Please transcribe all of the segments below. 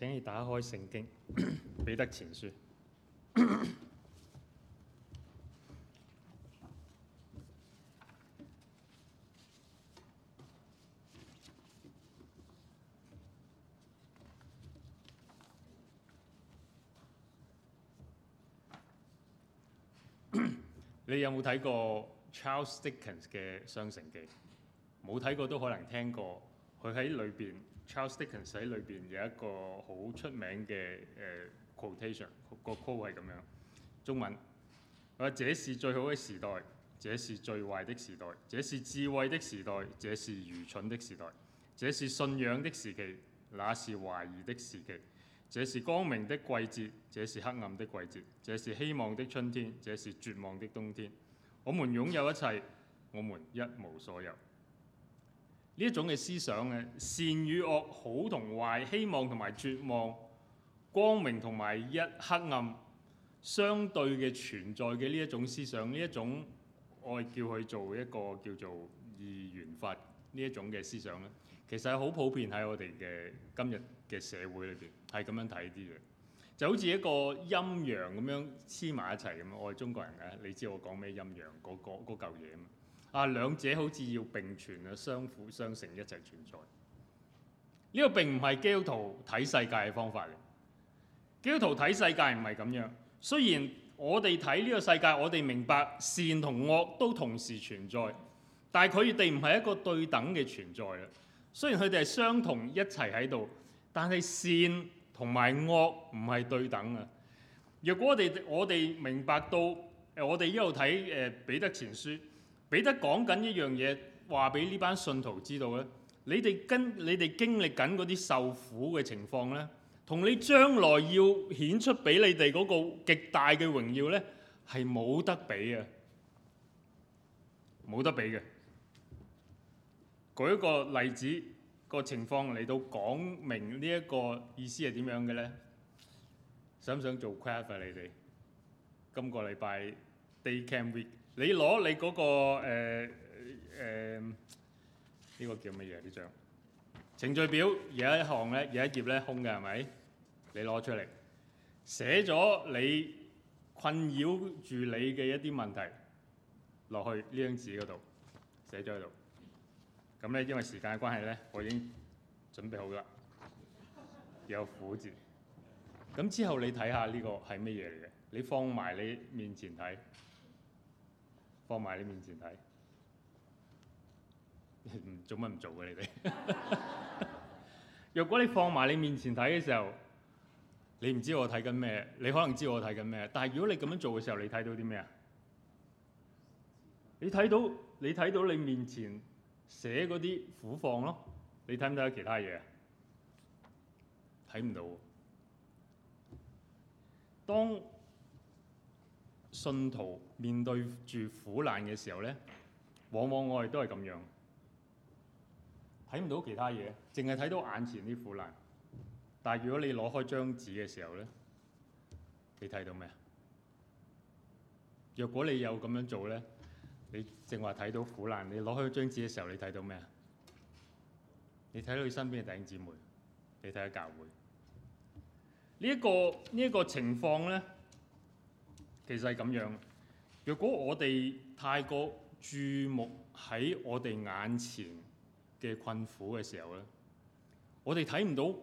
請你打開聖經《彼得前書》。 你有冇睇過 Charles Dickens 嘅《雙城記》？冇睇過都可能聽過。佢喺裏邊，Charles Dickens 喺裏邊有一個好出名嘅誒 quotation，個 call 係咁樣，中文，佢話：這是最好嘅時代，這是最壞的時代，這是智慧的時代，這是愚蠢的時代，這是信仰的時期，那是懷疑的時期，這是光明的季節，這是黑暗的季節，這是希望的春天，這是絕望的冬天。我們擁有一切，我們一無所有。呢一種嘅思想嘅善與惡、好同壞、希望同埋絕望、光明同埋一黑暗，相對嘅存在嘅呢一種思想，呢一種我叫佢做一個叫做二元法呢一種嘅思想咧，其實係好普遍喺我哋嘅今日嘅社會裏面，係咁樣睇啲嘅，就好似一個陰陽咁樣黐埋一齊咁，我係中國人嘅，你知我講咩陰陽嗰個嗰嚿嘢嘛？啊，兩者好似要並存啊，相輔相成一齊存在。呢、這個並唔係基督徒睇世界嘅方法嚟。基督徒睇世界唔係咁樣。雖然我哋睇呢個世界，我哋明白善同惡都同時存在，但係佢哋唔係一個對等嘅存在啦。雖然佢哋係相同一齊喺度，但係善同埋惡唔係對等啊。若果我哋我哋明白到誒，我哋一路睇誒彼得前書。彼得講緊一樣嘢，話俾呢班信徒知道咧，你哋跟你哋經歷緊嗰啲受苦嘅情況咧，同你將來要顯出俾你哋嗰個極大嘅榮耀咧，係冇得比啊！冇得比嘅。舉一個例子個情況嚟到講明呢一個意思係點樣嘅咧？想唔想做 quiz 啊？你哋今個禮拜 Day Camp Week。你攞你嗰個誒誒呢個叫乜嘢？呢張程序表有一行咧，有一頁咧空嘅係咪？你攞出嚟寫咗你困擾住你嘅一啲問題落去呢張紙嗰度寫咗喺度。咁咧因為時間關係咧，我已經準備好啦，有苦字。咁之後你睇下呢個係乜嘢嚟嘅？你放埋你面前睇。放埋你面前睇，你做乜唔做嘅你哋？若 果你放埋你面前睇嘅時候，你唔知我睇緊咩，你可能知我睇緊咩。但係如果你咁樣做嘅時候，你睇到啲咩啊？你睇到你睇到你面前寫嗰啲苦況咯，你睇唔睇到其他嘢？睇唔到。當信徒面對住苦難嘅時候呢，往往我哋都係咁樣，睇唔到其他嘢，淨係睇到眼前啲苦難。但係如果你攞開張紙嘅時候呢，你睇到咩啊？若果你有咁樣做呢，你淨話睇到苦難，你攞開張紙嘅時候，你睇到咩啊？你睇到身邊嘅弟兄姊妹，你睇下教會呢一個呢一個情況呢。其實係咁樣。若果我哋太過注目喺我哋眼前嘅困苦嘅時候咧，我哋睇唔到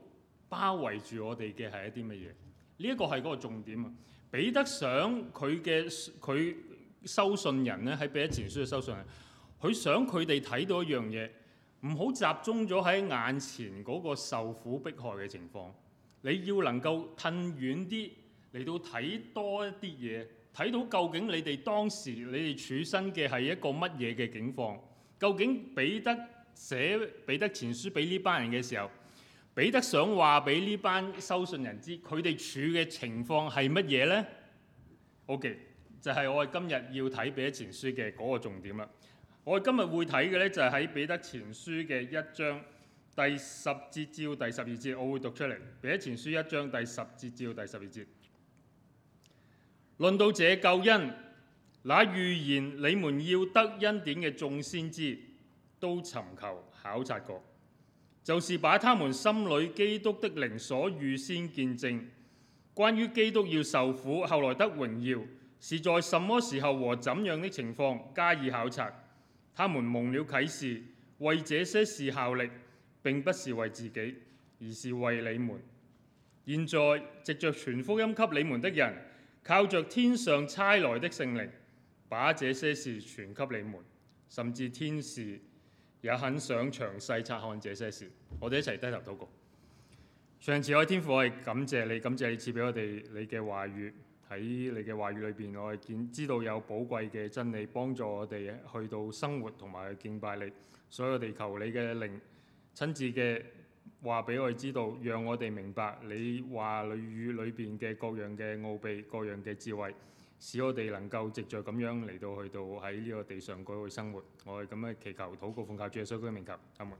包圍住我哋嘅係一啲乜嘢？呢一個係嗰個重點啊！彼得想佢嘅佢收信人咧，喺彼得前書嘅收信人，佢想佢哋睇到一樣嘢，唔好集中咗喺眼前嗰個受苦迫害嘅情況。你要能夠褪遠啲嚟到睇多一啲嘢。睇到究竟你哋當時你哋處身嘅係一個乜嘢嘅境況？究竟彼得寫彼得前書俾呢班人嘅時候，彼得想話俾呢班收信人知，佢哋處嘅情況係乜嘢呢？OK，就係我哋今日要睇彼得前書嘅嗰個重點啦。我哋今日會睇嘅呢，就係喺彼得前書嘅一章第十節至到第十二節，我會讀出嚟。彼得前書一章第十節至到第十二節。論到這救恩，那預言你們要得恩典嘅眾先知都尋求考察過，就是把他們心裏基督的靈所預先見證，關於基督要受苦後來得榮耀，是在什麼時候和怎樣的情況加以考察。他們蒙了啟示，為這些事效力，並不是為自己，而是為你們。現在藉着傳福音給你們的人。靠着天上差來的聖靈，把這些事傳給你們，甚至天使也很想詳細察看這些事。我哋一齊低頭禱告。上次我天父，我哋感謝你，感謝你賜俾我哋你嘅話語，喺你嘅話語裏邊，我哋見知道有寶貴嘅真理，幫助我哋去到生活同埋敬拜你。所以我哋求你嘅靈親自嘅。話俾我哋知道，讓我哋明白你話裏語裏邊嘅各樣嘅奧秘、各樣嘅智慧，使我哋能夠藉著咁樣嚟到去到喺呢個地上過佢生活。我哋咁樣祈求、禱告、奉教主嘅收歸名求，阿們。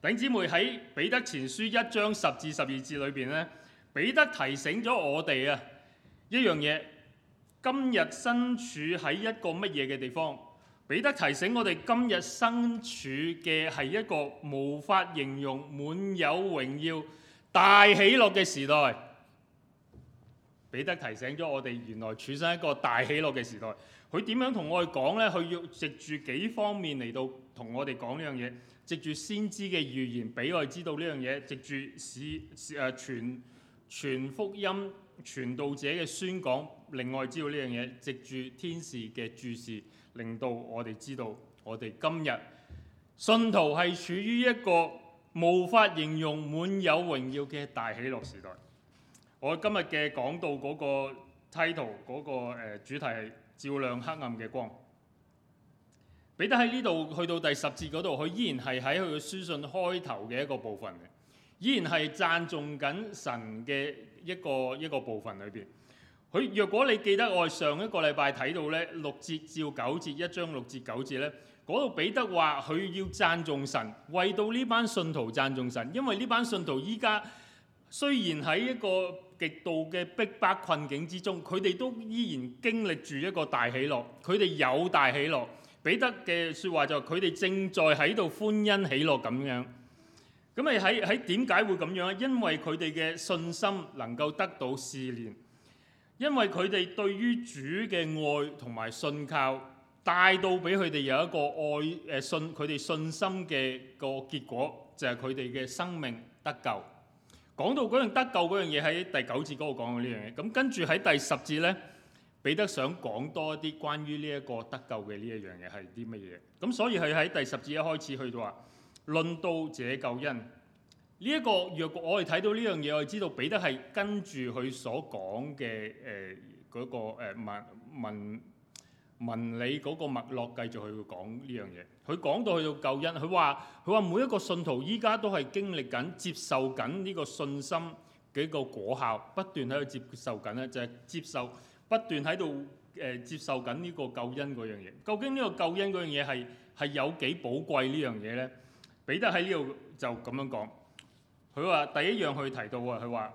頂姊妹喺彼得前書一章十至十二節裏邊呢，彼得提醒咗我哋啊，一樣嘢，今日身處喺一個乜嘢嘅地方？彼得提醒我哋，今日身處嘅係一個無法形容滿有榮耀、大喜樂嘅時代。彼得提醒咗我哋，原來處身一個大喜樂嘅時代。佢點樣同我哋講呢？佢要藉住幾方面嚟到同我哋講呢樣嘢，藉住先知嘅預言俾我哋知道呢樣嘢，藉住使誒傳傳福音、傳道者嘅宣講，令我哋知道呢樣嘢，藉住天使嘅注視。令到我哋知道，我哋今日信徒係處於一個無法形容滿有榮耀嘅大喜樂時代。我今日嘅講到嗰個 title 嗰個誒主題係照亮黑暗嘅光。彼得喺呢度去到第十節嗰度，佢依然係喺佢嘅書信開頭嘅一個部分嘅，依然係讚頌緊神嘅一個一個部分裏邊。佢，若果你記得我上一個禮拜睇到咧六節照九節一章六節九節咧，嗰度彼得話佢要讚頌神，為到呢班信徒讚頌神，因為呢班信徒依家雖然喺一個極度嘅逼迫困境之中，佢哋都依然經歷住一個大喜樂，佢哋有大喜樂。彼得嘅説話就佢哋正在喺度歡欣喜樂咁樣。咁咪喺喺點解會咁樣啊？因為佢哋嘅信心能夠得到試煉。因為佢哋對於主嘅愛同埋信靠，帶到俾佢哋有一個愛誒信，佢哋信心嘅個結果就係佢哋嘅生命得救。講到嗰樣得救嗰樣嘢喺第九節嗰度講到呢樣嘢，咁跟住喺第十節咧，彼得想講多啲關於呢一個得救嘅呢一樣嘢係啲乜嘢？咁所以佢喺第十節一開始去到話論到這救恩。呢一個若果我哋睇到呢樣嘢，我哋知道彼得係跟住佢所講嘅誒嗰個誒文文文理嗰個脈絡繼續去講呢樣嘢。佢講到去到救恩，佢話佢話每一個信徒依家都係經歷緊、接受緊呢個信心嘅一個果效，不斷喺度接受緊咧，就係接受不斷喺度誒接受緊呢個救恩嗰樣嘢。究竟呢個救恩嗰樣嘢係係有幾寶貴呢樣嘢咧？彼得喺呢度就咁樣講。佢話第一樣佢提到啊，佢話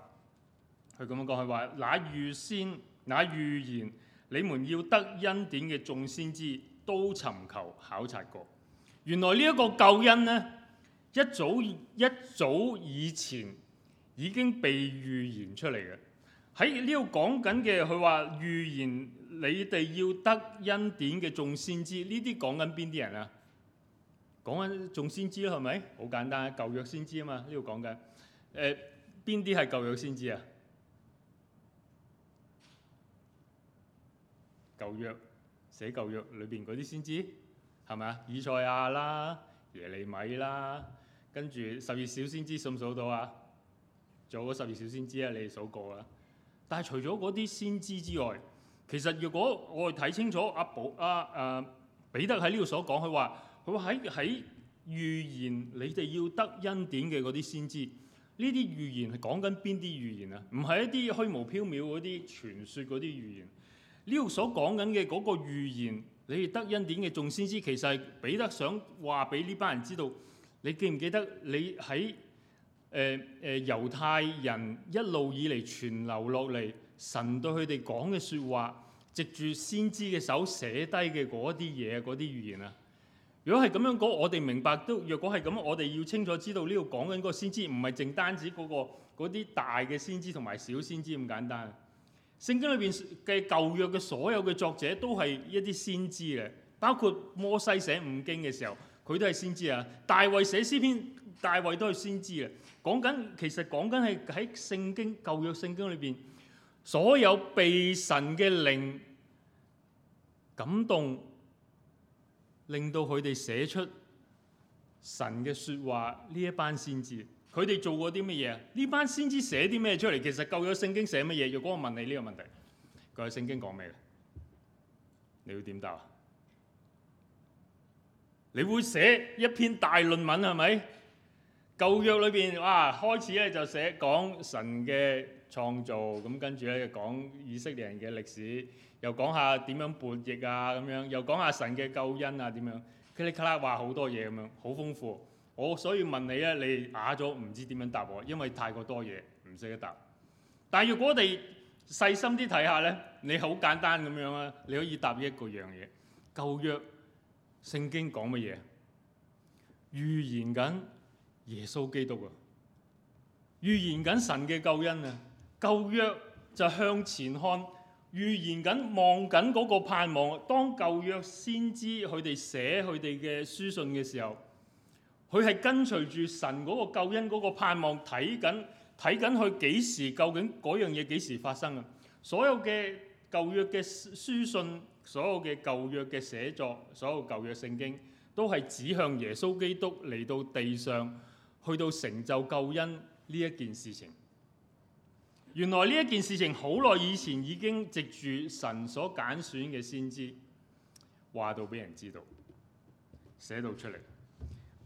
佢咁樣講，佢話那預先那預言，你們要得恩典嘅眾先知都尋求考察過。原來呢一個救恩呢，一早一早以前已經被預言出嚟嘅。喺呢度講緊嘅，佢話預言你哋要得恩典嘅眾先知，呢啲講緊邊啲人啊？講緊眾先知啊，係咪？好簡單，舊約先知啊嘛，呢度講緊。誒邊啲係舊約先知啊？舊約寫舊約裏邊嗰啲先知係咪啊？以賽亞啦、耶利米啦，跟住十二小先知數唔數到啊？做嗰十二小先知啊，你哋數過啦。但係除咗嗰啲先知之外，其實如果我哋睇清楚阿保啊，誒彼得喺呢度所講，佢話佢話喺喺預言你哋要得恩典嘅嗰啲先知。呢啲預言係講緊邊啲預言啊？唔係一啲虛無縹緲嗰啲傳説嗰啲預言。呢度所講緊嘅嗰個預言，你哋得恩典嘅眾先知其實係彼得想話俾呢班人知道。你記唔記得你喺誒誒猶太人一路以嚟傳流落嚟，神對佢哋講嘅説話，藉住先知嘅手寫低嘅嗰啲嘢，嗰啲預言啊？如果係咁樣講，我哋明白都；若果係咁，我哋要清楚知道呢度講緊嗰個先知，唔係淨單止嗰個嗰啲大嘅先知同埋小先知咁簡單。聖經裏邊嘅舊約嘅所有嘅作者都係一啲先知嘅，包括摩西寫五經嘅時候，佢都係先知啊。大衛寫詩篇，大衛都係先知嘅。講緊，其實講緊係喺聖經舊約聖經裏邊，所有被神嘅靈感動。令到佢哋寫出神嘅説話，呢一班先知，佢哋做過啲乜嘢啊？呢班先知寫啲咩出嚟？其實舊約聖經寫乜嘢？若果我問你呢個問題，舊約聖經講咩？你會點答？你會寫一篇大論文係咪？舊約裏邊哇，開始咧就寫講神嘅。創造，咁跟住咧，講以色列人嘅歷史，又講下點樣叛逆啊，咁樣，又講下神嘅救恩啊點樣，咔哩咔啦話好多嘢咁樣，好豐富。我所以問你咧，你啞咗唔知點樣答我，因為太過多嘢唔識得答。但係如果我哋細心啲睇下咧，你好簡單咁樣啊，你可以答一個樣嘢。舊約聖經講乜嘢？預言緊耶穌基督啊，預言緊神嘅救恩啊。舊約就向前看，預言緊望緊嗰個盼望。當舊約先知佢哋寫佢哋嘅書信嘅時候，佢係跟隨住神嗰個救恩嗰個盼望，睇緊睇緊佢幾時，究竟嗰樣嘢幾時發生啊？所有嘅舊約嘅書信，所有嘅舊約嘅寫作，所有舊約聖經，都係指向耶穌基督嚟到地上，去到成就救恩呢一件事情。原來呢一件事情好耐以前已經藉住神所揀選嘅先知話到俾人知道，寫到出嚟。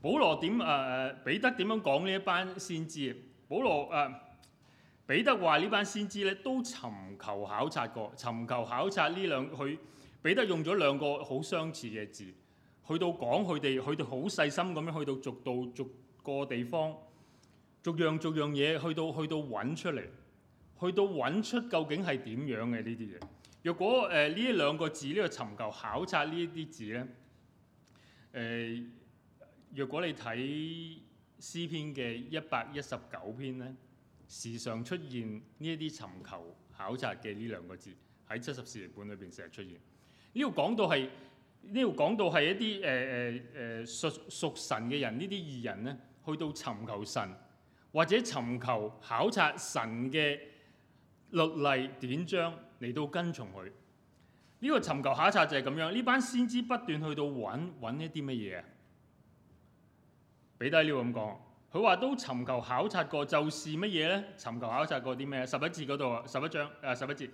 保羅點誒誒彼得點樣講呢一班先知？保羅誒彼得話呢班先知咧，都尋求考察過。尋求考察呢兩，佢彼得用咗兩個好相似嘅字去到講佢哋，去到好細心咁樣去到逐到逐個地方逐樣逐樣嘢去到去到揾出嚟。去到揾出究竟係點樣嘅呢啲嘢？若果誒呢兩個字，呢、呢個尋求考察呢一啲字咧，誒、呃、若果你睇詩篇嘅一百一十九篇咧，時常出現呢一啲尋求考察嘅呢兩個字，喺七十士譯本裏邊成日出現。呢度講到係呢度講到係一啲誒誒誒屬屬神嘅人，人呢啲異人咧，去到尋求神或者尋求考察神嘅律例典章嚟到跟從佢呢個尋求考察就係咁樣，呢班先知不斷去到揾揾一啲乜嘢啊？俾低呢個咁講，佢話都尋求考察過，就是乜嘢咧？尋求考察過啲咩？十一節嗰度啊，十一章誒十一節，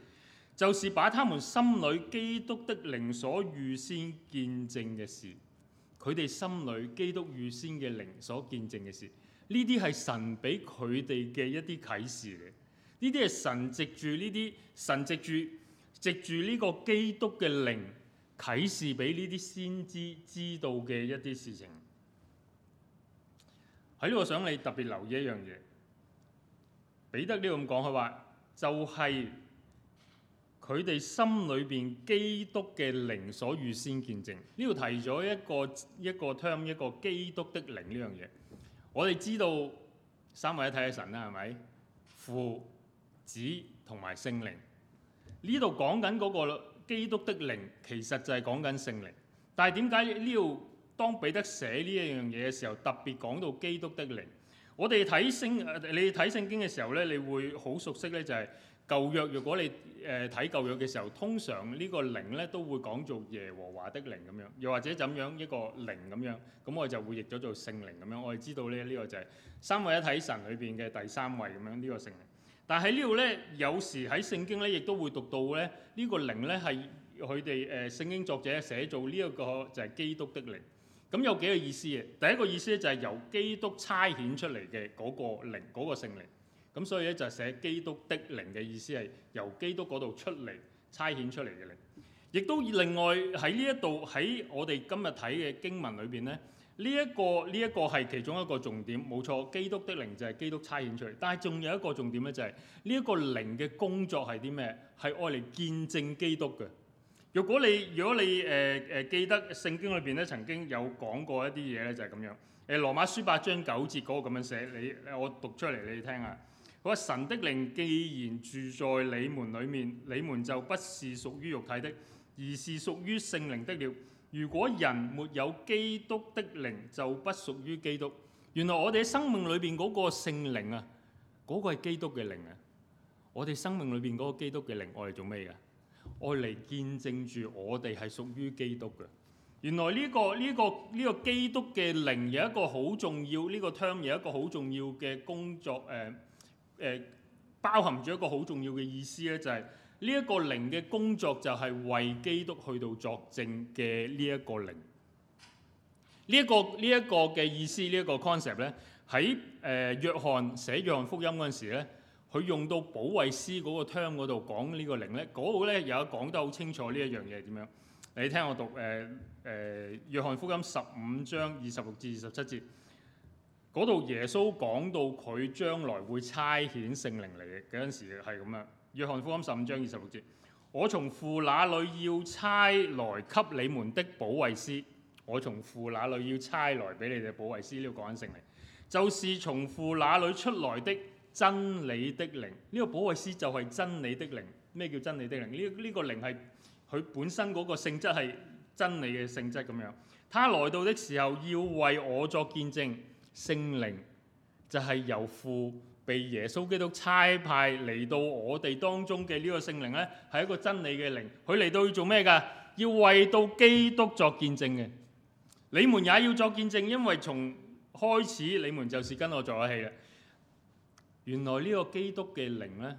就是把他們心裡基督的靈所預先見證嘅事，佢哋心裡基督預先嘅靈所見證嘅事，呢啲係神俾佢哋嘅一啲啟示嚟。呢啲係神藉住呢啲神藉住藉住呢個基督嘅靈啟示俾呢啲先知知道嘅一啲事情。喺呢度我想你特別留意一樣嘢，彼得呢度咁講，佢話就係佢哋心裏邊基督嘅靈所預先見證。呢度提咗一個一個 term 一個基督的靈呢樣嘢。我哋知道三位一體嘅神啦，係咪父？子同埋聖靈，呢度講緊嗰個基督的靈，其實就係講緊聖靈。但係點解呢度當彼得寫呢一樣嘢嘅時候，特別講到基督的靈？我哋睇聖，你睇聖經嘅時候呢，你會好熟悉呢，就係舊約。如果你誒睇舊約嘅時候，通常呢個靈呢都會講做耶和華的靈咁樣，又或者怎樣一個靈咁樣。咁我就會譯咗做聖靈咁樣。我哋知道呢，呢個就係三位一體神裏邊嘅第三位咁樣，呢個聖靈。但喺呢度咧，有時喺聖經咧，亦都會讀到咧，這個、呢個靈咧係佢哋誒聖經作者寫做呢一個就係、是、基督的靈。咁有幾個意思嘅，第一個意思咧就係由基督差遣出嚟嘅嗰個靈，嗰、那個聖靈。咁所以咧就寫基督的靈嘅意思係由基督嗰度出嚟差遣出嚟嘅靈。亦都另外喺呢一度喺我哋今日睇嘅經文裏邊咧。呢、這、一個呢一、這個係其中一個重點，冇錯。基督的靈就係基督差遣出嚟，但係仲有一個重點咧、就是，就係呢一個靈嘅工作係啲咩？係愛嚟見證基督嘅。若果你如果你誒誒、呃呃、記得聖經裏邊咧曾經有講過一啲嘢咧，就係、是、咁樣。誒、呃、羅馬書八章九節嗰個咁樣寫，你我讀出嚟你聽啊。個啊，神的靈既然住在你們裡面，你們就不是屬於肉體的，而是屬於聖靈的了。如果人沒有基督的靈，就不屬於基督。原來我哋生命裏邊嗰個聖靈啊，嗰、那個係基督嘅靈啊。我哋生命裏邊嗰個基督嘅靈，愛嚟做咩嘅？愛嚟見證住我哋係屬於基督嘅。原來呢、這個呢、這個呢、這個基督嘅靈有一個好重要，呢、這個 term 有一個好重要嘅工作，誒、呃、誒、呃、包含咗一個好重要嘅意思咧，就係、是。呢、這、一個靈嘅工作就係為基督去到作證嘅呢一個靈，呢、這、一個呢一、這個嘅意思呢一、這個 concept 咧，喺、呃、誒約翰寫約翰福音嗰陣時咧，佢用到保惠師嗰個 term 嗰度講呢個靈，咧，嗰度咧有講得好清楚呢一樣嘢係點樣。你聽我讀誒誒、呃呃、約翰福音十五章二十六至二十七節，嗰度耶穌講到佢將來會差遣聖靈嚟嘅嗰陣時係咁樣。約翰福音十五章二十六節：我從父那裏要差來給你們的保惠師，我從父那裏要差來畀你哋保惠師。呢、呢個講緊聖靈，就是從父那裏出來的真理的靈。呢、呢個保惠師就係真理的靈。咩叫真理的靈？呢、呢、呢個靈係佢本身嗰個性質係真理嘅性質咁樣。他來到的時候要為我作見證。聖靈就係由父。被耶穌基督差派嚟到我哋當中嘅呢個聖靈咧，係一個真理嘅靈。佢嚟到要做咩㗎？要為到基督作見證嘅。你們也要作見證，因為從開始你們就是跟我做一氣在一起啦。原來呢個基督嘅靈咧，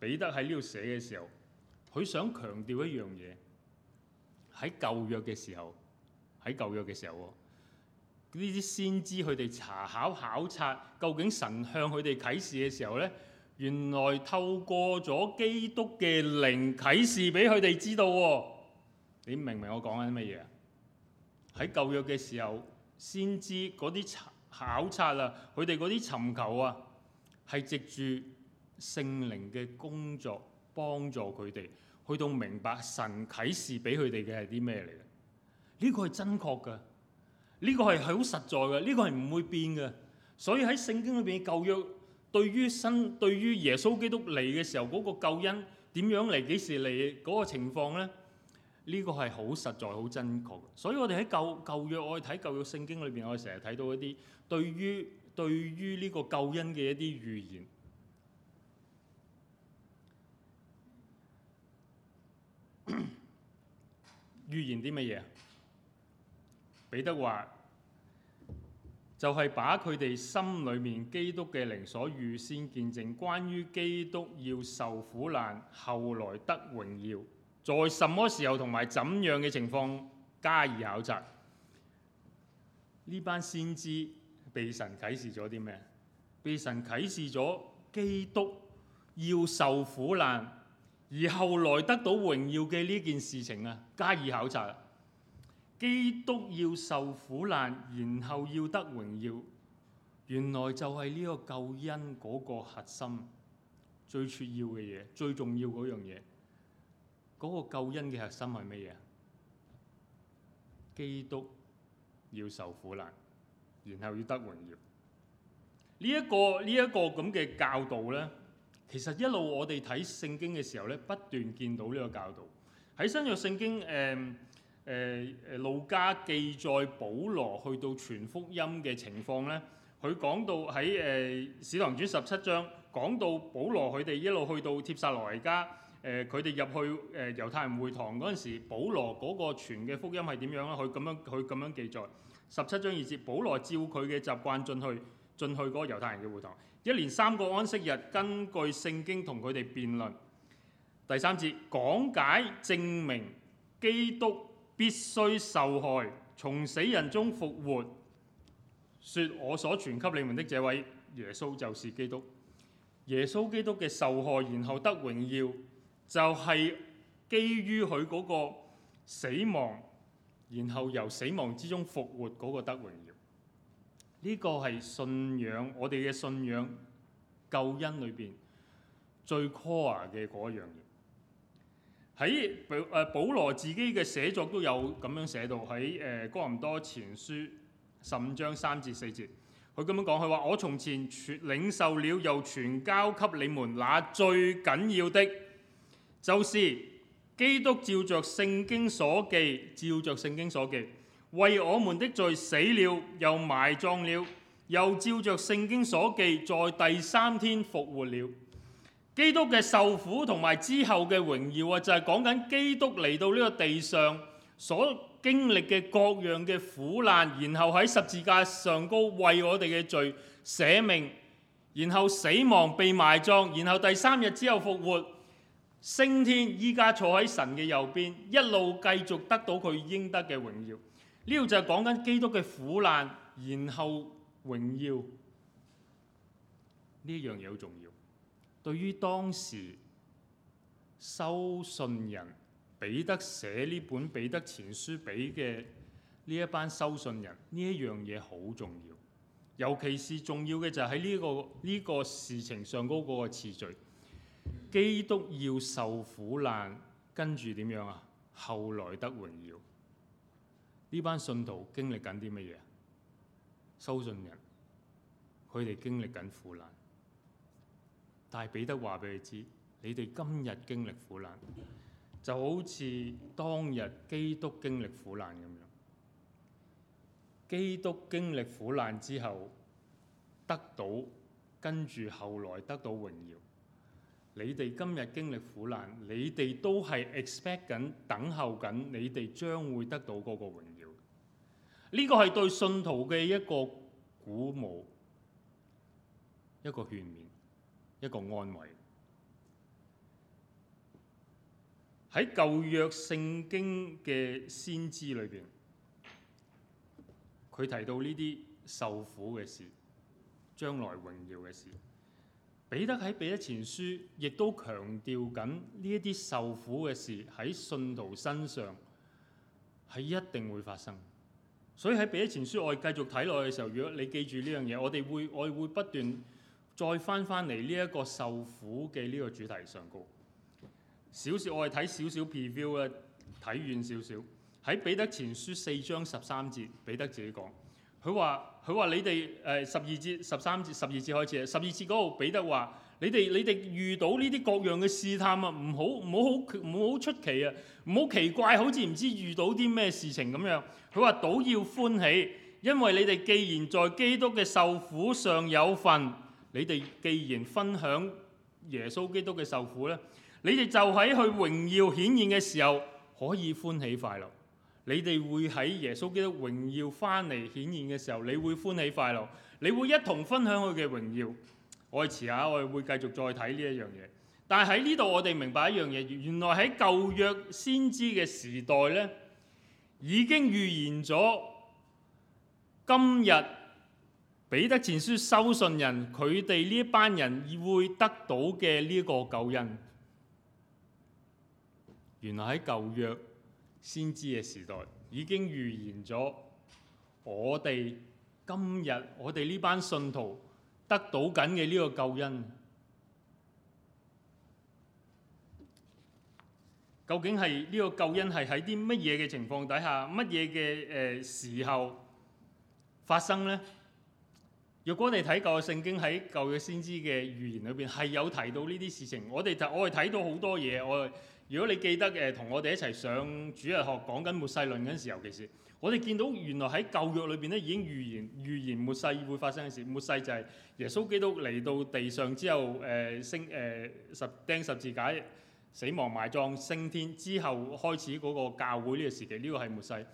彼得喺呢度寫嘅時候，佢想強調一樣嘢。喺舊約嘅時候，喺舊約嘅時候。呢啲先知佢哋查考考察，究竟神向佢哋啟示嘅時候呢，原來透過咗基督嘅靈啟示俾佢哋知道。你明唔明我講緊乜嘢啊？喺舊約嘅時候，先知嗰啲考察啊，佢哋嗰啲尋求啊，係藉住聖靈嘅工作幫助佢哋，去到明白神啟示俾佢哋嘅係啲咩嚟嘅？呢個係真確噶。呢個係係好實在嘅，呢個係唔會變嘅。所以喺聖經裏邊嘅舊約對於新對於耶穌基督嚟嘅時候嗰個救恩點樣嚟幾時嚟嗰個情況呢？呢個係好實在好真確。所以我哋喺舊舊約，我哋睇舊約聖經裏邊，我哋成日睇到一啲對於對於呢個救恩嘅一啲預言。預言啲乜嘢？彼得話：就係把佢哋心裏面基督嘅靈所預先見證，關於基督要受苦難，後來得榮耀，在什麼時候同埋怎樣嘅情況加以考察。呢班先知被神啟示咗啲咩？被神啟示咗基督要受苦難，而後來得到榮耀嘅呢件事情啊，加以考察。基督要受苦難，然後要得榮耀，原來就係呢個救恩嗰個核心，最主要嘅嘢，最重要嗰樣嘢，嗰個救恩嘅核心係乜嘢？基督要受苦難，然後要得榮耀。呢一個呢一個咁嘅教導呢，其實一路我哋睇聖經嘅時候呢，不斷見到呢個教導喺新約聖經誒。嗯誒、呃、誒，路加記載保羅去到傳福音嘅情況呢，佢講到喺誒《使徒行傳》十七章講到保羅佢哋一路去到帖撒羅尼加誒，佢哋入去誒、呃、猶太人會堂嗰陣時，保羅嗰個傳嘅福音係點樣啦？佢咁樣佢咁樣記載十七章二節，保羅照佢嘅習慣進去進去嗰個猶太人嘅會堂，一連三個安息日，根據聖經同佢哋辯論。第三節講解證明基督。必須受害，從死人中復活，說我所傳給你們的這位耶穌就是基督。耶穌基督嘅受害，然後得榮耀，就係、是、基於佢嗰個死亡，然後由死亡之中復活嗰個得榮耀。呢、這個係信仰，我哋嘅信仰救恩裏邊最 core 嘅嗰一樣嘢。喺保羅自己嘅寫作都有咁樣寫到，喺誒哥林多前書十五章三至四節，佢咁樣講，佢話我從前領受了，又傳交給你們，那最緊要的，就是基督照着聖經所記，照着聖經所記，為我們的罪死了，又埋葬了，又照着聖經所記，在第三天復活了。基督嘅受苦同埋之後嘅榮耀啊，就係講緊基督嚟到呢個地上所經歷嘅各樣嘅苦難，然後喺十字架上高為我哋嘅罪捨命，然後死亡被埋葬，然後第三日之後復活，升天，依家坐喺神嘅右邊，一路繼續得到佢應得嘅榮耀。呢度就係講緊基督嘅苦難，然後榮耀。呢一樣嘢好重要。對於當時收信人彼得寫呢本彼得前書俾嘅呢一班收信人，呢一樣嘢好重要。尤其是重要嘅就喺呢個呢個事情上高嗰個次序。基督要受苦難，跟住點樣啊？後來得榮耀。呢班信徒經歷緊啲乜嘢？收信人，佢哋經歷緊苦難。但係彼得話俾佢知，你哋今日經歷苦難，就好似當日基督經歷苦難咁樣。基督經歷苦難之後，得到跟住後來得到榮耀。你哋今日經歷苦難，你哋都係 expect 緊、等候緊，你哋將會得到嗰個榮耀。呢個係對信徒嘅一個鼓舞，一個勸勉。一個安慰。喺舊約聖經嘅先知裏邊，佢提到呢啲受苦嘅事，將來榮耀嘅事。彼得喺彼得前書亦都強調緊呢一啲受苦嘅事喺信徒身上係一定會發生的。所以喺彼得前書我哋繼續睇落去嘅時候，如果你記住呢樣嘢，我哋會我哋會不斷。再翻翻嚟呢一個受苦嘅呢個主題上高，少少我係睇少少 preview 咧，睇遠少少喺彼得前書四章十三節，彼得自己講，佢話佢話你哋誒十二節十三節十二節開始啊，十二節嗰度彼得話你哋你哋遇到呢啲各樣嘅試探啊，唔好唔好好唔好出奇啊，唔好奇怪好似唔知遇到啲咩事情咁樣，佢話倒要歡喜，因為你哋既然在基督嘅受苦上有份。你哋既然分享耶穌基督嘅受苦呢，你哋就喺佢榮耀顯現嘅時候可以歡喜快樂。你哋會喺耶穌基督榮耀翻嚟顯現嘅時候，你會歡喜快樂，你會一同分享佢嘅榮耀。我遲下，我哋會繼續再睇呢一樣嘢。但喺呢度我哋明白一樣嘢，原來喺舊約先知嘅時代呢，已經預言咗今日。彼得前書收信人，佢哋呢一班人會得到嘅呢個救恩，原來喺舊約先知嘅時代已經預言咗我哋今日我哋呢班信徒得到緊嘅呢個救恩。究竟係呢個救恩係喺啲乜嘢嘅情況底下，乜嘢嘅誒時候發生呢？如果你睇舊嘅聖經，喺舊嘅先知嘅預言裏邊係有提到呢啲事情，我哋我哋睇到好多嘢。我，看到我如果你記得誒同、呃、我哋一齊上主日學講緊末世論嗰陣時，尤其是我哋見到原來喺舊約裏邊咧已經預言預言末世會發生嘅事，末世就係耶穌基督嚟到地上之後誒、呃、升誒十釘十字架死亡埋葬升天之後開始嗰個教會呢個時期，呢、這個係末世，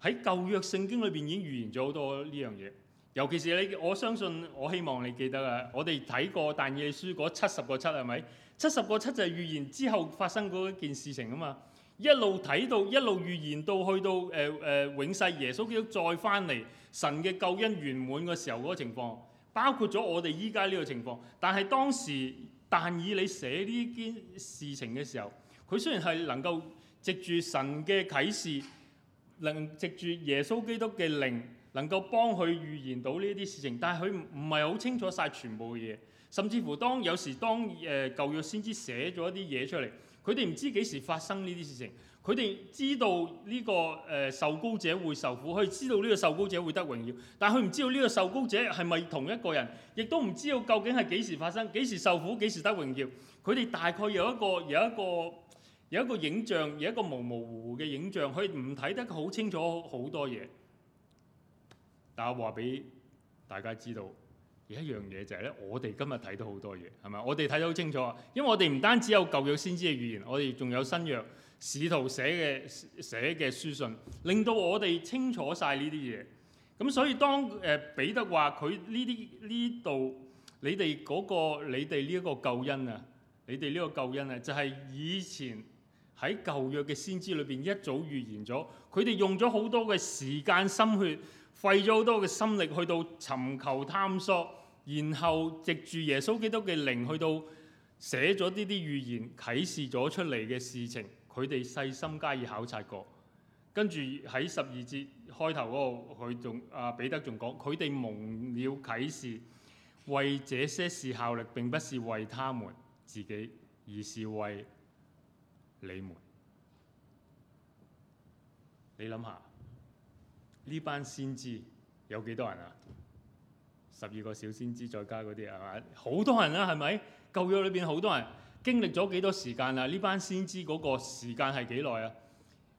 喺舊約聖經裏邊已經預言咗好多呢樣嘢。尤其是你，我相信我希望你記得啊！我哋睇過，但以理書嗰七十個七係咪？七十個七就係預言之後發生過一件事情啊嘛！一路睇到一路預言到去到誒誒、呃、永世耶穌基督再翻嚟，神嘅救恩圓滿嘅時候嗰個情況，包括咗我哋依家呢個情況。但係當時但以理寫呢件事情嘅時候，佢雖然係能夠藉住神嘅啟示，能藉住耶穌基督嘅靈。能夠幫佢預言到呢啲事情，但係佢唔係好清楚晒全部嘅嘢，甚至乎當有時當誒舊約先知寫咗一啲嘢出嚟，佢哋唔知幾時發生呢啲事情。佢哋知道呢、這個誒、呃、受膏者會受苦，佢知道呢個受膏者會得榮耀，但係佢唔知道呢個受膏者係咪同一個人，亦都唔知道究竟係幾時發生、幾時受苦、幾時得榮耀。佢哋大概有一個有一個有一個，有一個影像，有一個模模糊糊嘅影像，佢唔睇得好清楚好多嘢。但係話俾大家知道，有一樣嘢就係咧，我哋今日睇到好多嘢，係咪？我哋睇到好清楚，啊！因為我哋唔單止有舊約先知嘅預言，我哋仲有新約使徒寫嘅寫嘅書信，令到我哋清楚晒呢啲嘢。咁所以當誒彼得話佢呢啲呢度你哋嗰個你哋呢一個救恩啊，你哋呢個救恩啊，就係以前喺舊約嘅先知裏邊一早預言咗，佢哋用咗好多嘅時間心血。費咗好多嘅心力去到尋求探索，然後藉住耶穌基督嘅靈去到寫咗呢啲預言，啟示咗出嚟嘅事情，佢哋細心加以考察過。跟住喺十二節開頭嗰度，佢仲阿彼得仲講，佢哋蒙了啟示，為這些事效力，並不是為他們自己，而是為你們。你諗下？呢班先知有幾多人啊？十二個小先知再加嗰啲係嘛？好多人啦，係咪？舊約裏邊好多人經歷咗幾多時間啊？呢班先知嗰個時間係幾耐啊？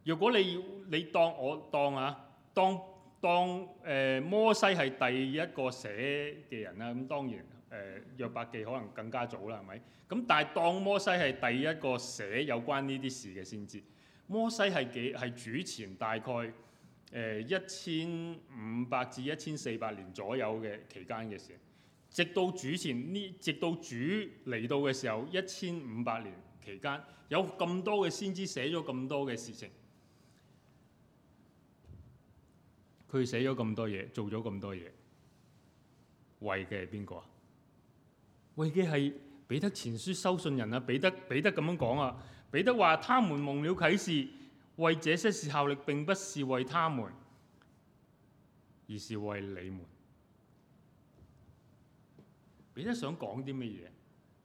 若果你你當我當啊，當當誒、呃、摩西係第一個寫嘅人啦、啊，咁當然誒、呃、約伯記可能更加早啦，係咪？咁但係當摩西係第一個寫有關呢啲事嘅先知，摩西係幾係主前大概？誒一千五百至一千四百年左右嘅期間嘅事，直到主前呢，直到主嚟到嘅時候，一千五百年期間有咁多嘅先知寫咗咁多嘅事情，佢寫咗咁多嘢，做咗咁多嘢，為嘅係邊個啊？為嘅係彼得前書收信人啊，彼得彼得咁樣講啊，彼得話他們忘了啟示。為這些事效力，並不是為他們，而是為你們。彼得想講啲乜嘢？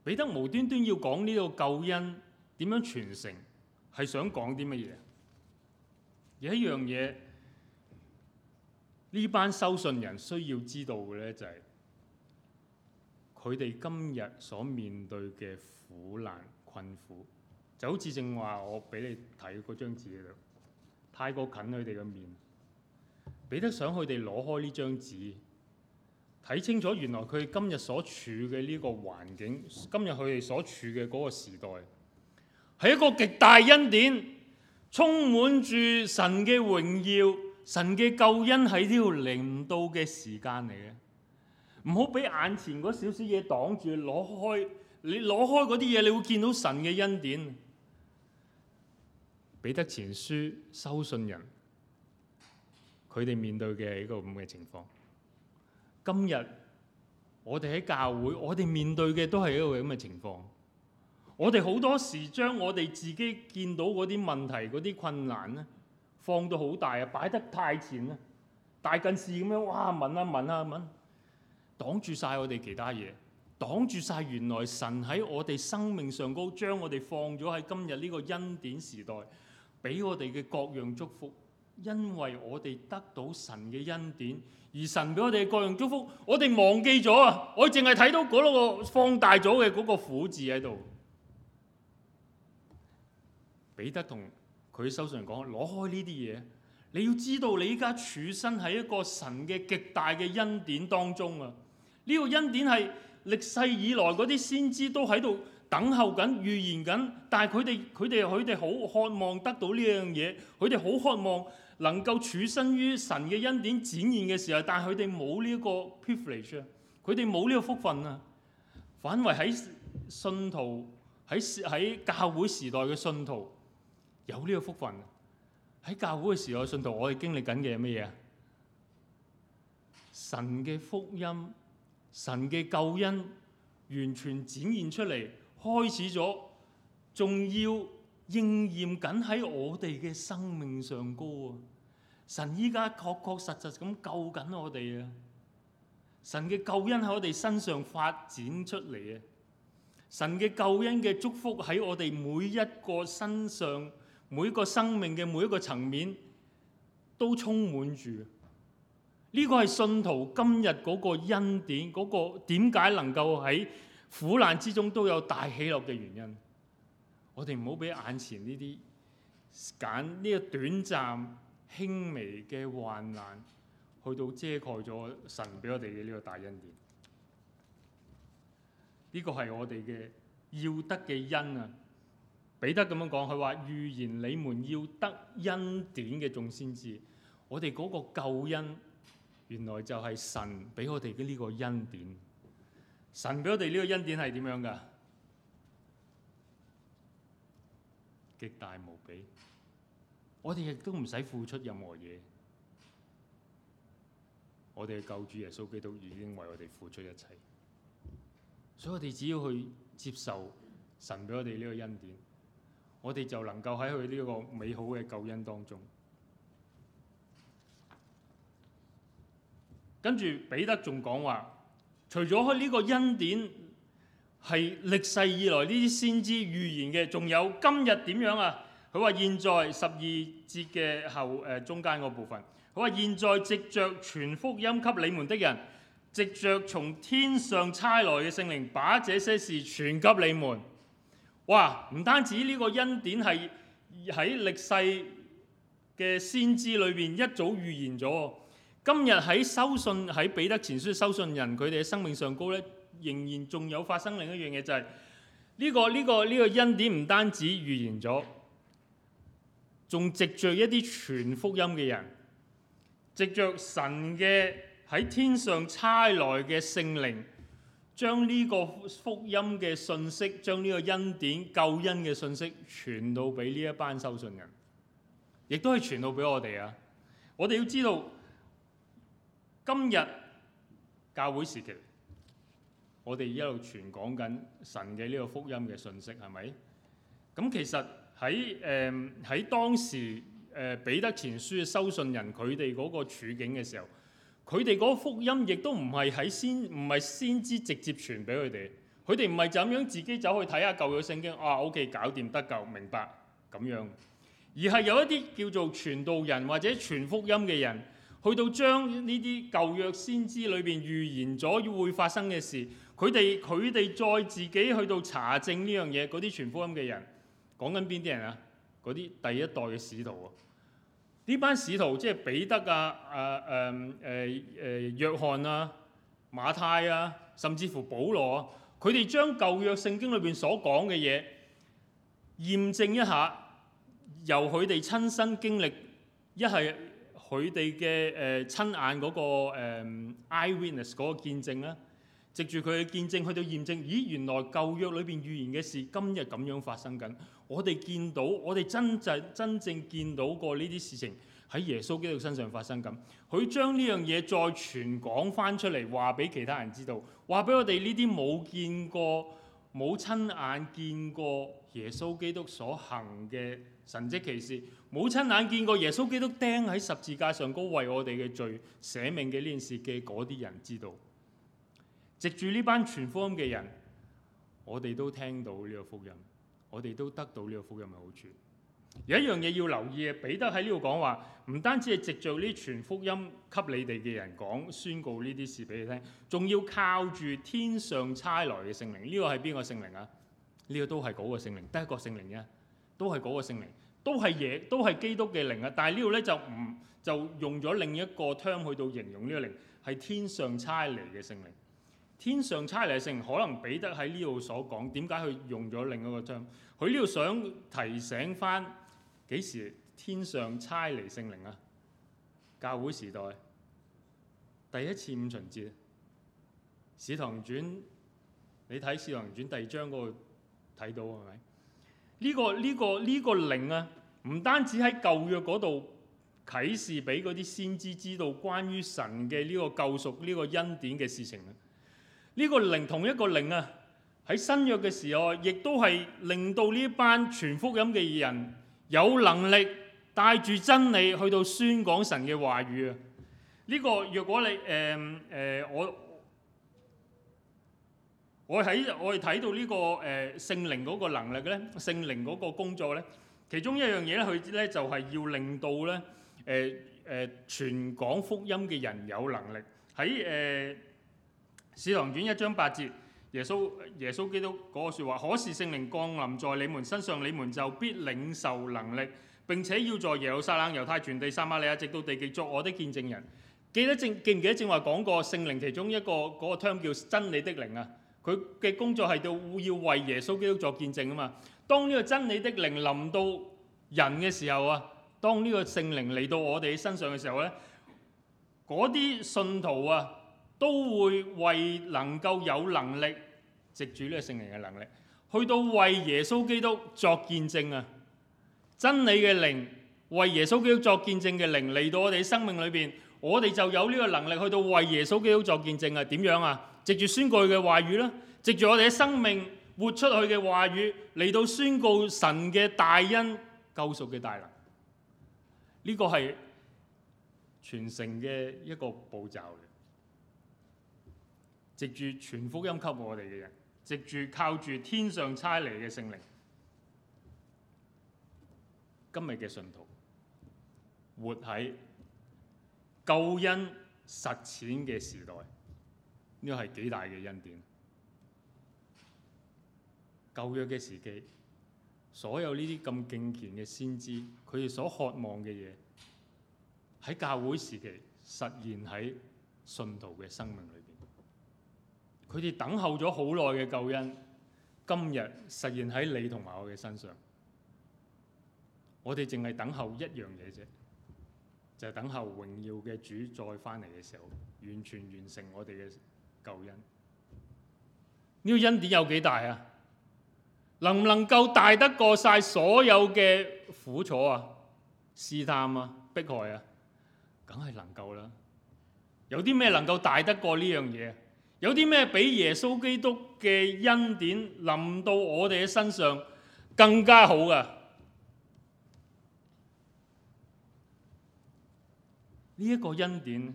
彼得無端端要講呢個救恩點樣傳承，係想講啲乜嘢？有一樣嘢，呢、嗯、班收信人需要知道嘅咧、就是，就係佢哋今日所面對嘅苦難困苦。就好似正話，我俾你睇嗰張紙喺度，太過近佢哋嘅面，俾得想佢哋攞開呢張紙，睇清楚。原來佢今日所處嘅呢個環境，今日佢哋所處嘅嗰個時代，係一個極大恩典，充滿住神嘅榮耀，神嘅救恩喺呢條臨到嘅時間嚟嘅。唔好俾眼前嗰少少嘢擋住，攞開你攞開嗰啲嘢，你會見到神嘅恩典。彼得前書收信人，佢哋面對嘅係一個咁嘅情況。今日我哋喺教會，我哋面對嘅都係一個咁嘅情況。我哋好多時將我哋自己見到嗰啲問題、嗰啲困難咧，放到好大啊，擺得太前啊，大近視咁樣哇，問啊問啊問，擋住晒我哋其他嘢，擋住晒原來神喺我哋生命上高將我哋放咗喺今日呢個恩典時代。俾我哋嘅各樣祝福，因為我哋得到神嘅恩典，而神俾我哋各樣祝福，我哋忘記咗啊！我淨係睇到嗰個放大咗嘅嗰個苦字喺度。彼得同佢收信人講：攞開呢啲嘢！你要知道，你依家處身喺一個神嘅極大嘅恩典當中啊！呢個恩典係歷世以來嗰啲先知都喺度。等候緊、預言緊，但係佢哋佢哋佢哋好渴望得到呢樣嘢，佢哋好渴望能夠處身於神嘅恩典展現嘅時候，但係佢哋冇呢一個 privilege 啊，佢哋冇呢個福分啊，反為喺信徒喺喺教會時代嘅信徒有呢個福分。喺教會嘅時代，信徒我哋經歷緊嘅係乜嘢啊？神嘅福音、神嘅救恩完全展現出嚟。開始咗，仲要應驗緊喺我哋嘅生命上高啊！神依家確確實實咁救緊我哋啊！神嘅救恩喺我哋身上發展出嚟啊！神嘅救恩嘅祝福喺我哋每一個身上、每一個生命嘅每一個層面都充滿住。呢個係信徒今日嗰個恩典，嗰個點解能夠喺苦難之中都有大喜樂嘅原因，我哋唔好俾眼前呢啲揀呢個短暫輕微嘅患難，去到遮蓋咗神俾我哋嘅呢個大恩典。呢個係我哋嘅要得嘅恩啊！彼得咁樣講，佢話預言你們要得恩典嘅眾先知，我哋嗰個救恩，原來就係神俾我哋嘅呢個恩典。神俾我哋呢個恩典係點樣㗎？極大無比，我哋亦都唔使付出任何嘢。我哋嘅救主耶穌基督已經為我哋付出一切，所以我哋只要去接受神俾我哋呢個恩典，我哋就能夠喺佢呢個美好嘅救恩當中。跟住，彼得仲講話。除咗開呢個恩典係歷世以來呢啲先知預言嘅，仲有今日點樣啊？佢話現在，十二節嘅後誒中間嗰部分，佢話現在藉着傳福音給你們的人，藉着從天上差來嘅聖靈，把這些事傳給你們。哇！唔單止呢個恩典係喺歷世嘅先知裏邊一早預言咗。今日喺收信，喺彼得前書收信人佢哋嘅生命上高咧，仍然仲有發生另一樣嘢，就係呢個呢個呢個恩典唔單止預言咗，仲藉着一啲傳福音嘅人，藉着神嘅喺天上差來嘅聖靈，將呢個福音嘅信息，將呢個恩典救恩嘅信息傳到俾呢一班收信人，亦都係傳到俾我哋啊！我哋要知道。今日教會時期，我哋一路傳講緊神嘅呢個福音嘅信息，係咪？咁其實喺誒喺當時誒彼得前書嘅收信人佢哋嗰個處境嘅時候，佢哋嗰福音亦都唔係喺先唔係先知直接傳俾佢哋，佢哋唔係就咁樣自己走去睇下舊約聖經，啊，OK，搞掂得夠，明白咁樣，而係有一啲叫做傳道人或者傳福音嘅人。去到將呢啲舊約先知裏邊預言咗會發生嘅事，佢哋佢哋再自己去到查證呢樣嘢，嗰啲傳福音嘅人講緊邊啲人啊？嗰啲第一代嘅使徒啊，呢班使徒即係彼得啊、誒誒誒約翰啊、馬太啊，甚至乎保羅啊，佢哋將舊約聖經裏邊所講嘅嘢驗證一下，由佢哋親身經歷一係。佢哋嘅誒親眼嗰、嗰個、呃、eye witness 嗰個見證咧，藉住佢嘅見證去到驗證，咦原來舊約裏邊預言嘅事今日咁樣發生緊，我哋見到我哋真正真正見到過呢啲事情喺耶穌基督身上發生緊，佢將呢樣嘢再傳講返出嚟話俾其他人知道，話俾我哋呢啲冇見過、冇親眼見過。耶穌基督所行嘅神蹟奇事，冇親，親眼見過耶穌基督釘喺十字架上高為我哋嘅罪捨命嘅呢件事嘅嗰啲人知道。藉住呢班傳福音嘅人，我哋都聽到呢個福音，我哋都得到呢個福音嘅好處。有一樣嘢要留意嘅，彼得喺呢度講話，唔單止係藉住呢傳福音給你哋嘅人講，宣告呢啲事俾你聽，仲要靠住天上差來嘅聖靈。呢、這個係邊個聖靈啊？呢個都係嗰個聖靈，得一個聖靈嘅，都係嗰個聖靈，都係嘢，都係基督嘅靈啊！但係呢度咧就唔就用咗另一個 term 去到形容呢個靈，係天上差嚟嘅聖靈。天上差嚟聖靈可能彼得喺呢度所講，點解佢用咗另一個 term？佢呢度想提醒返幾時天上差嚟聖靈啊？教會時代第一次五旬節，《使徒行傳》，你睇《使徒行傳》第二章嗰個。睇到係咪？呢個呢個呢個靈啊，唔單止喺舊約嗰度啟示俾嗰啲先知知道關於神嘅呢個救贖、呢個恩典嘅事情啊。呢個靈同一個靈啊，喺新約嘅時候，亦都係令到呢班全福音嘅人有能力帶住真理去到宣講神嘅話語啊。呢個若果你誒誒、呃呃、我。我喺我哋睇到呢個誒聖靈嗰個能力咧，聖靈嗰個工作咧，其中一樣嘢咧，佢咧就係要令到咧誒誒全港福音嘅人有能力喺誒使徒行傳一章八節，耶穌耶穌基督嗰個説話，可是聖靈降臨在你們身上，你們就必領受能力，並且要在耶路撒冷、猶太全地、撒瑪利亞，直到地極作我的見證人。記得正記唔記得正話講過聖靈其中一個嗰個 term 叫真理的靈啊？佢嘅工作係要要為耶穌基督作見證啊嘛！當呢個真理的靈臨到人嘅時候啊，當呢個聖靈嚟到我哋身上嘅時候咧，嗰啲信徒啊都會為能夠有能力藉住呢個聖靈嘅能力，去到為耶穌基督作見證啊！真理嘅靈為耶穌基督作見證嘅靈嚟到我哋生命裏邊，我哋就有呢個能力去到為耶穌基督作見證啊！點樣啊？藉住宣告嘅話語啦，藉住我哋嘅生命活出去嘅話語嚟到宣告神嘅大恩救贖嘅大能，呢、這個係傳承嘅一個步驟嘅。藉住全福音給我哋嘅人，藉住靠住天上差嚟嘅聖靈，今日嘅信徒活喺救恩實踐嘅時代。呢個係幾大嘅恩典！舊約嘅時期，所有呢啲咁敬虔嘅先知，佢哋所渴望嘅嘢，喺教會時期實現喺信徒嘅生命裏邊。佢哋等候咗好耐嘅救恩，今日實現喺你同埋我嘅身上。我哋淨係等候一樣嘢啫，就係等候榮耀嘅主再翻嚟嘅時候，完全完成我哋嘅。救恩呢個恩典有幾大啊？能唔能夠大得過晒所有嘅苦楚啊、試探啊、迫害啊？梗係能夠啦。有啲咩能夠大得過呢樣嘢？有啲咩比耶穌基督嘅恩典臨到我哋嘅身上更加好噶？呢一個恩典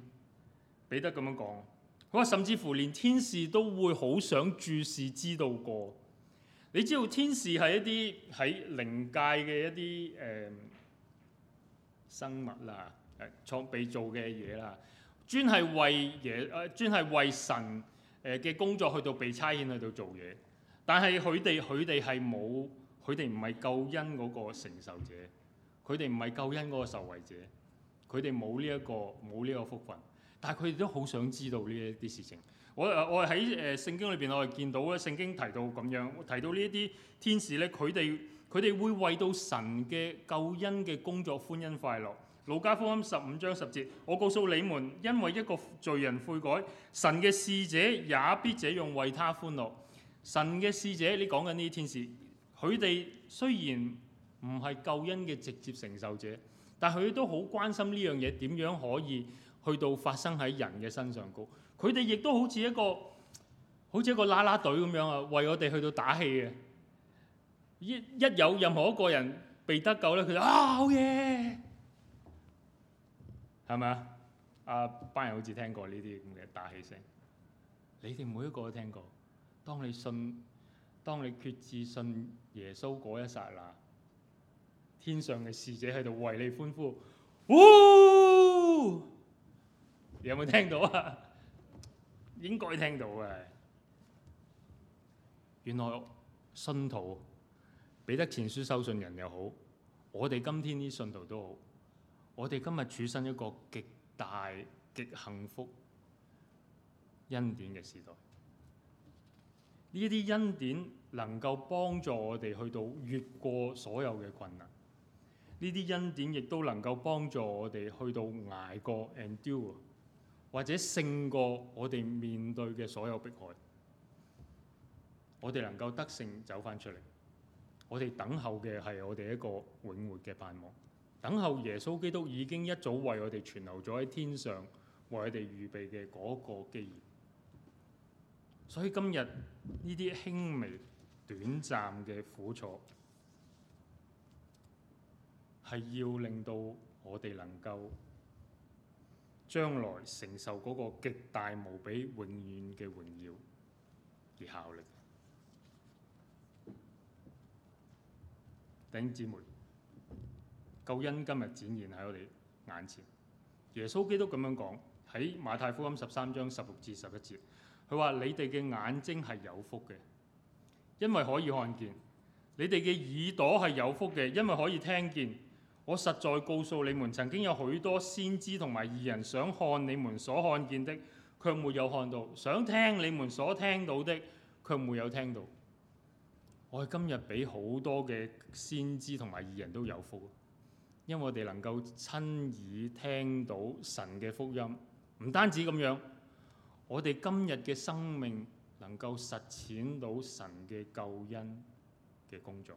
俾得咁樣講。甚至乎連天使都會好想注視知道過，你知道天使係一啲喺靈界嘅一啲誒、嗯、生物啦，誒、呃、創被做嘅嘢啦，專係為嘢誒，專係為神誒嘅工作去到被差遣去到做嘢，但係佢哋佢哋係冇，佢哋唔係救恩嗰個承受者，佢哋唔係救恩嗰個受惠者，佢哋冇呢一個冇呢個福分。但係佢哋都好想知道呢一啲事情。我我喺誒聖經裏邊，我哋、呃、見到啊聖經提到咁樣，提到呢一啲天使咧，佢哋佢哋會為到神嘅救恩嘅工作歡欣快樂。路加福音十五章十節，我告訴你們，因為一個罪人悔改，神嘅使者也必這樣為他歡樂。神嘅使者，你講緊呢啲天使，佢哋雖然唔係救恩嘅直接承受者，但係佢都好關心呢樣嘢點樣可以去到發生喺人嘅身上高，佢哋亦都好似一個好似一個啦啦隊咁樣啊，為我哋去到打氣呀。一一有任何一個人被得救咧，佢就啊好嘢，係咪啊？啊班人好似聽過呢啲咁嘅打氣聲，你哋每一個都聽過。當你信，當你決志信耶穌嗰一剎那，天上嘅使者喺度為你歡呼喎！有冇聽到啊？ 應該聽到嘅。原來信徒，彼得前書收信人又好，我哋今天啲信徒都好，我哋今日處身一個極大極幸福恩典嘅時代。呢啲恩典能夠幫助我哋去到越過所有嘅困難，呢啲恩典亦都能夠幫助我哋去到捱過 and do。或者勝過我哋面對嘅所有迫害，我哋能夠得勝走翻出嚟。我哋等候嘅係我哋一個永活嘅盼望。等候耶穌基督已經一早為我哋存留咗喺天上，為我哋預備嘅嗰個基業。所以今日呢啲輕微、短暫嘅苦楚，係要令到我哋能夠將來承受嗰個極大無比永遠嘅榮耀而效力，弟兄姊妹，救恩今日展現喺我哋眼前。耶穌基督咁樣講喺馬太福音十三章十六至十一節，佢話：你哋嘅眼睛係有福嘅，因為可以看見；你哋嘅耳朵係有福嘅，因為可以聽見。我實在告訴你們，曾經有許多先知同埋義人想看你們所看見的，卻沒有看到；想聽你們所聽到的，卻沒有聽到。我哋今日比好多嘅先知同埋義人都有福，因為我哋能夠親耳聽到神嘅福音。唔單止咁樣，我哋今日嘅生命能夠實踐到神嘅救恩嘅工作。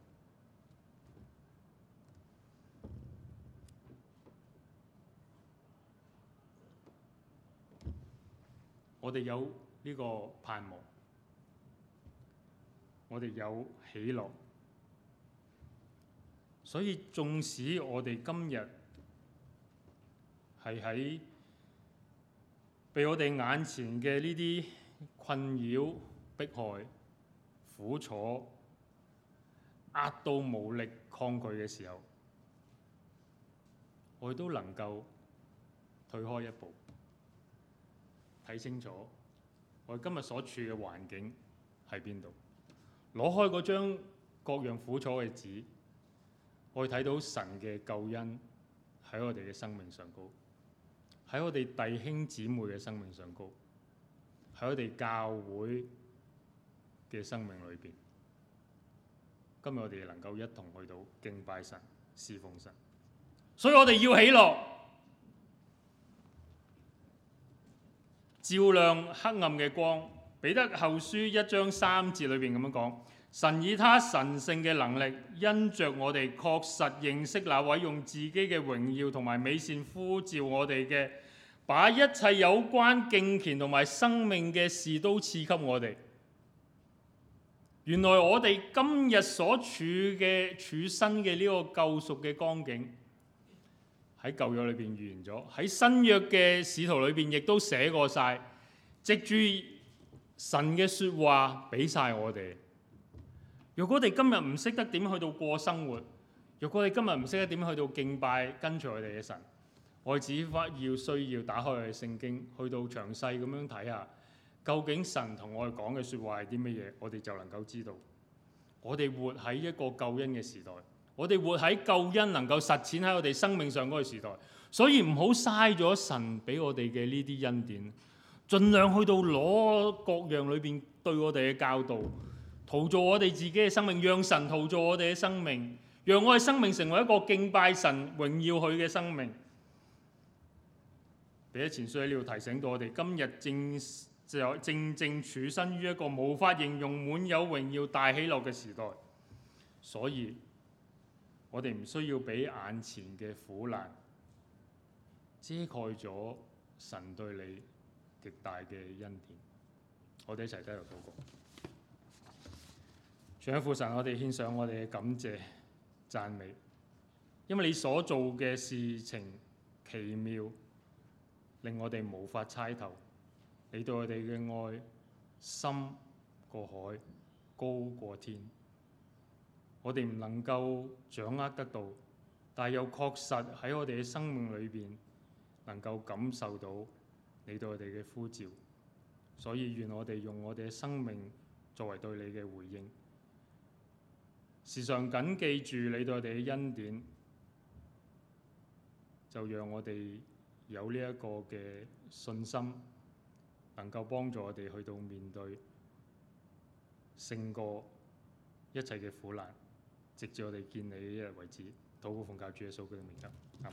我哋有呢個盼望，我哋有喜樂，所以縱使我哋今日係喺被我哋眼前嘅呢啲困擾、迫害、苦楚壓到無力抗拒嘅時候，我哋都能夠退開一步。睇清楚，我今日所處嘅環境喺邊度？攞開嗰張各樣苦楚嘅紙，我睇到神嘅救恩喺我哋嘅生命上高，喺我哋弟兄姊妹嘅生命上高，喺我哋教會嘅生命裏邊。今日我哋能夠一同去到敬拜神、侍奉神，所以我哋要喜樂。照亮黑暗嘅光，彼得後書一章三節裏邊咁樣講：神以他神聖嘅能力，因着我哋確實認識那位用自己嘅榮耀同埋美善呼召我哋嘅，把一切有關敬虔同埋生命嘅事都賜給我哋。原來我哋今日所處嘅處身嘅呢個救贖嘅光景。喺舊約裏邊預言咗，喺新約嘅使徒裏邊亦都寫過晒，藉住神嘅説話俾晒我哋。若果我哋今日唔識得點去到過生活，若果我哋今日唔識得點去到敬拜跟隨我哋嘅神，我哋只發要需要打開我哋聖經，去到詳細咁樣睇下，究竟神同我哋講嘅説話係啲乜嘢，我哋就能夠知道。我哋活喺一個救恩嘅時代。我哋活喺救恩能夠實踐喺我哋生命上嗰個時代，所以唔好嘥咗神俾我哋嘅呢啲恩典，盡量去到攞各樣裏邊對我哋嘅教導，陶造我哋自己嘅生命，讓神陶造我哋嘅生命，讓我哋生命成為一個敬拜神、榮耀佢嘅生命。彼得前書喺呢度提醒到我哋，今日正正正處身於一個無法形容滿有榮耀、大喜樂嘅時代，所以。我哋唔需要俾眼前嘅苦難遮蓋咗神對你極大嘅恩典。我哋一齊繼續禱告。主啊，父神，我哋獻上我哋嘅感謝讚美，因為你所做嘅事情奇妙，令我哋無法猜透。你對我哋嘅愛深過海，高過天。我哋唔能夠掌握得到，但係又確實喺我哋嘅生命裏邊能夠感受到你對我哋嘅呼召，所以願我哋用我哋嘅生命作為對你嘅回應。時常緊記住你對我哋嘅恩典，就讓我哋有呢一個嘅信心，能夠幫助我哋去到面對勝過一切嘅苦難。直至我哋見你一日為止，討個奉教主嘅數據名額。